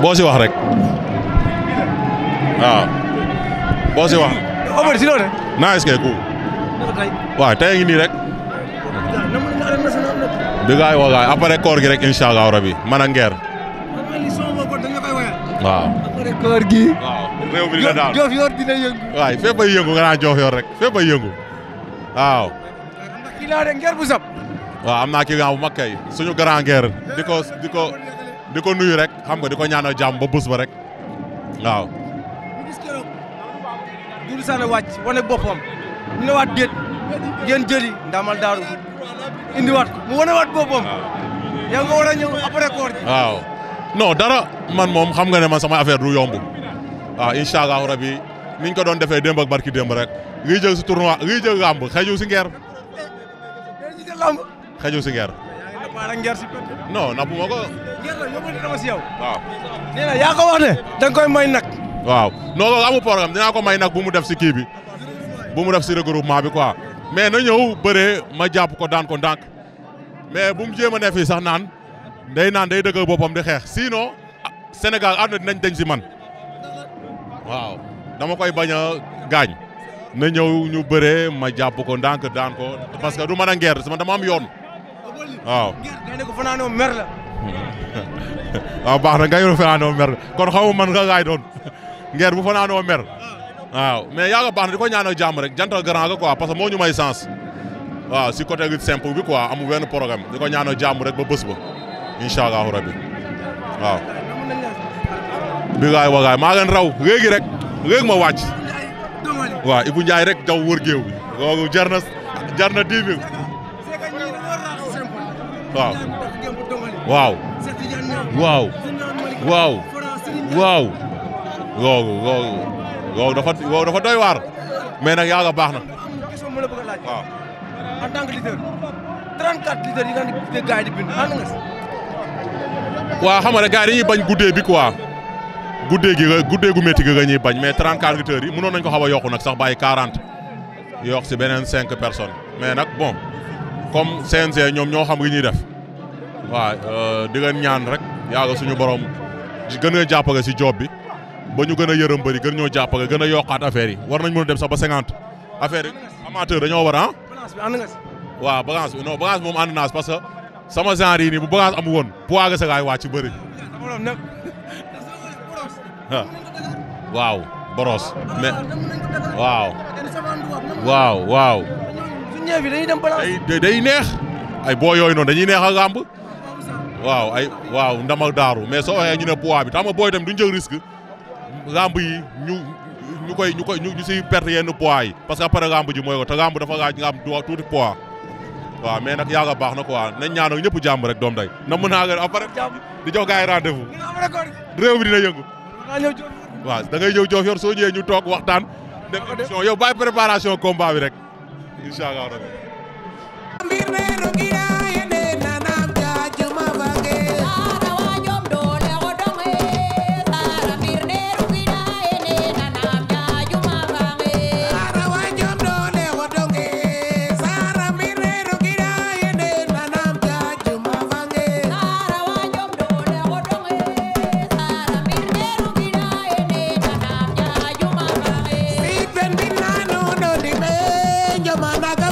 boo si wax rek waaw boo si wax. Obeury si loonee. naa est-ce que ku. waaw tey ngi nii rek. dëggaay koor gi rek incha allah rabi man a ngeer. waaw. après yëngu. nga naan Diofior rek fépp ay yëngu waaw. waaw am naa client bu mag kay suñu grand guerre di ko nuyu rek xam nga di ko ñaanal jàmm ba bés ba rek waaw. ñu gis keroog Doudou boppam ne waat déet ngeen jëli ndaamal daaru indiwaat ko mu wane waat boppam. waaw yaa nga koor ji. waaw non dara man moom xam nga ne man sama affaire du yomb waaw incha allahu rabi niñ ko doon defee démb ak barki démb rek. lii jël si tournoi lii jël làmb xëy ngeer. xajul si ngeer. non napp moo ko. yaa ko wax ne. da koy may nag. waaw non loolu amul problème dinaa ko may nag bu mu def si kii bi bu mu def si regroupement bi quoi mais na ñëw bëree ma jàpp ko daan ko ndànk mais bu mu jéem a ne fii sax naan day naan day dëgg boppam di xeex sinon ah, Sénégal àdduna dinañ dañ si man waaw dama koy bañ a gaañ na ñëw ñu bëree ma jàpp ko ndànk daan ko parce que du mën a ngeer sama dama am yoon. waaw. baax na ngay fanaanoo mer kon xaw man nga gaay doon ngeer bu fanaanoo mer. waaw mais yaa baax na di ko ñaanal jàmm rek jantal grand ga quoi parce que moo may sens. waaw si côté lutte simple bi quoi amul benn programme di ko ñaanal jàmm rek ba bës ba incha allahu rabi waaw. bi gaay wa gaay maa leen raw léegi rek léegi ma wàcc. waaw Ibou Ndiaye rek daw wër géew bi loolu jar na jar waaw waaw waaw waaw waaw wow wow wow dafa wow dafa doy waar mais nag yàlla baax na waaw en tant que leader 34 leaders yi nga di bañ guddee bi quoi guddee gi nga guddee gu métti gi nga ñuy bañ mais 34 leaders yi mënoon nañ ko xaw a yokku nag sax bàyyi 40 yokk si beneen 5 personnes mais nag bon comme CNG ñoom ñoo xam li ñuy def waaw euh, di leen ñaan rek yàlla suñu borom gën a jàppale si job bi ba ñu gën a yërëm bëri gën ñoo jàppale gën a yokkaat affaire yi war nañ mën a dem sax ba cinquante affaire yi amateur dañoo war ah. balance bi ànd waaw balance bi non moom ànd naa parce que sama genre yi nii bu balance amu woon poids ga sa gaay wàcc bëri. waaw boros mais waaw waaw. ñoom ñëw bi dañuy dem balance. day day neex ay boo yooyu noonu dañuy neex ak làmb waaw ay waaw ndam daaru mais soo waxee ñu ne poids bi xam nga booy dem duñ jël risque làmb yi ñu ñu koy ñu koy ñu siy perte yenn poids yi parce que après làmb ji mooy ko te làmb dafa laaj làmb tuuti a waaw mais nag yàlla baax na quoi a ñaanal ñëpp jàmm rek doom day na mën naa nga après di jox gars yi rendez-vous réew dina yëngu waaw da ngay ñëw Diofior soo ñu toog waxtaan def émission yow bàyyi préparation combat bi rek incha allah rabbi yamanaga